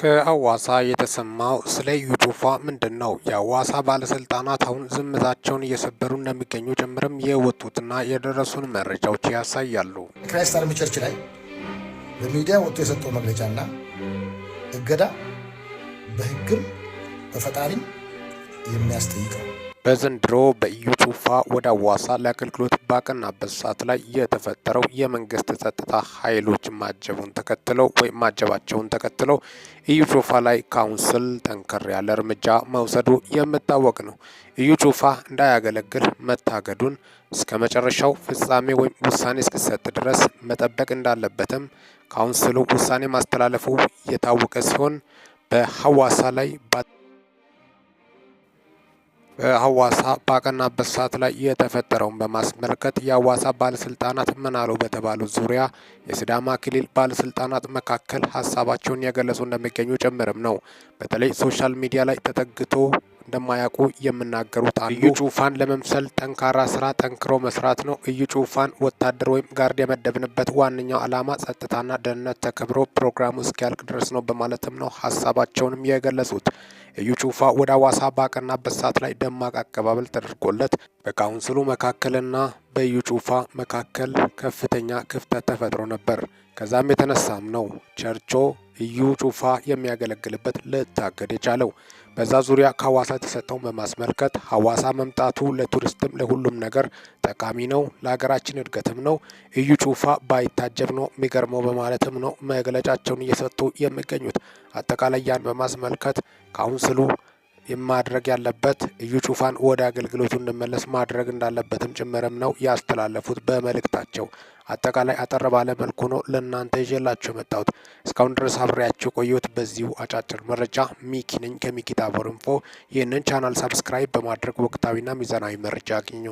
ከአዋሳ የተሰማው ስለ ዩቱፋ ምንድን ነው? የአዋሳ ባለስልጣናት አሁን ዝምታቸውን እየሰበሩ እንደሚገኙ ጭምርም የወጡትና የደረሱን መረጃዎች ያሳያሉ። ክራይስት አርሚ ቸርች ላይ በሚዲያ ወጥቶ የሰጠው መግለጫና እገዳ በህግም በፈጣሪም የሚያስጠይቀው በዘንድሮ በኢዩ ጩፋ ወደ አዋሳ ለአገልግሎት ባቀናበት ሰዓት ላይ የተፈጠረው የመንግስት ጸጥታ ኃይሎች ማጀቡን ተከትለው ወይም ማጀባቸውን ተከትለው ኢዩ ጩፋ ላይ ካውንስል ጠንከር ያለ እርምጃ መውሰዱ የሚታወቅ ነው። ኢዩ ጩፋ እንዳያገለግል መታገዱን እስከ መጨረሻው ፍጻሜ ወይም ውሳኔ እስኪሰጥ ድረስ መጠበቅ እንዳለበትም ካውንስሉ ውሳኔ ማስተላለፉ የታወቀ ሲሆን በሐዋሳ ላይ በሀዋሳ ባቀናበት ሰዓት ላይ የተፈጠረውን በማስመልከት የአዋሳ ባለስልጣናት ምን አሉ በተባሉት ዙሪያ የሲዳማ ክልል ባለስልጣናት መካከል ሀሳባቸውን የገለጹ እንደሚገኙ ጭምርም ነው። በተለይ ሶሻል ሚዲያ ላይ ተጠግቶ እንደማያውቁ የምናገሩት አሉ። እዩ ጩፋን ለመምሰል ጠንካራ ስራ ጠንክሮ መስራት ነው። እዩ ጩፋን ወታደር ወይም ጋርድ የመደብንበት ዋነኛው አላማ ጸጥታና ደህንነት ተከብሮ ፕሮግራሙ እስኪያልቅ ድረስ ነው በማለትም ነው ሀሳባቸውንም የገለጹት። እዩ ጩፋ ወደ አዋሳ ባቀናበት ሰዓት ላይ ደማቅ አቀባበል ተደርጎለት በካውንስሉ መካከልና በእዩ ጩፋ መካከል ከፍተኛ ክፍተት ተፈጥሮ ነበር። ከዛም የተነሳም ነው ቸርቾ እዩ ጩፋ የሚያገለግልበት ልታገድ የቻለው በዛ ዙሪያ ከሐዋሳ የተሰጠውን በማስመልከት ሐዋሳ መምጣቱ ለቱሪስትም ለሁሉም ነገር ጠቃሚ ነው፣ ለሀገራችን እድገትም ነው፣ እዩ ጩፋ ባይታጀብ ነው የሚገርመው በማለትም ነው መግለጫቸውን እየሰጡ የሚገኙት። አጠቃላይ ያን በማስመልከት ካውንስሉ ማድረግ ያለበት እዩ ጩፋን ወደ አገልግሎቱ እንድመለስ ማድረግ እንዳለበትም ጭምርም ነው ያስተላለፉት በመልእክታቸው። አጠቃላይ አጠር ባለ መልኩ ነው ለእናንተ ይዤላችሁ የመጣሁት። እስካሁን ድረስ አብሬያቸው ቆየሁት። በዚሁ አጫጭር መረጃ ሚኪ ነኝ ከሚኪ ታቦር ይህንን ቻናል ሳብስክራይብ በማድረግ ወቅታዊና ሚዛናዊ መረጃ አግኙ።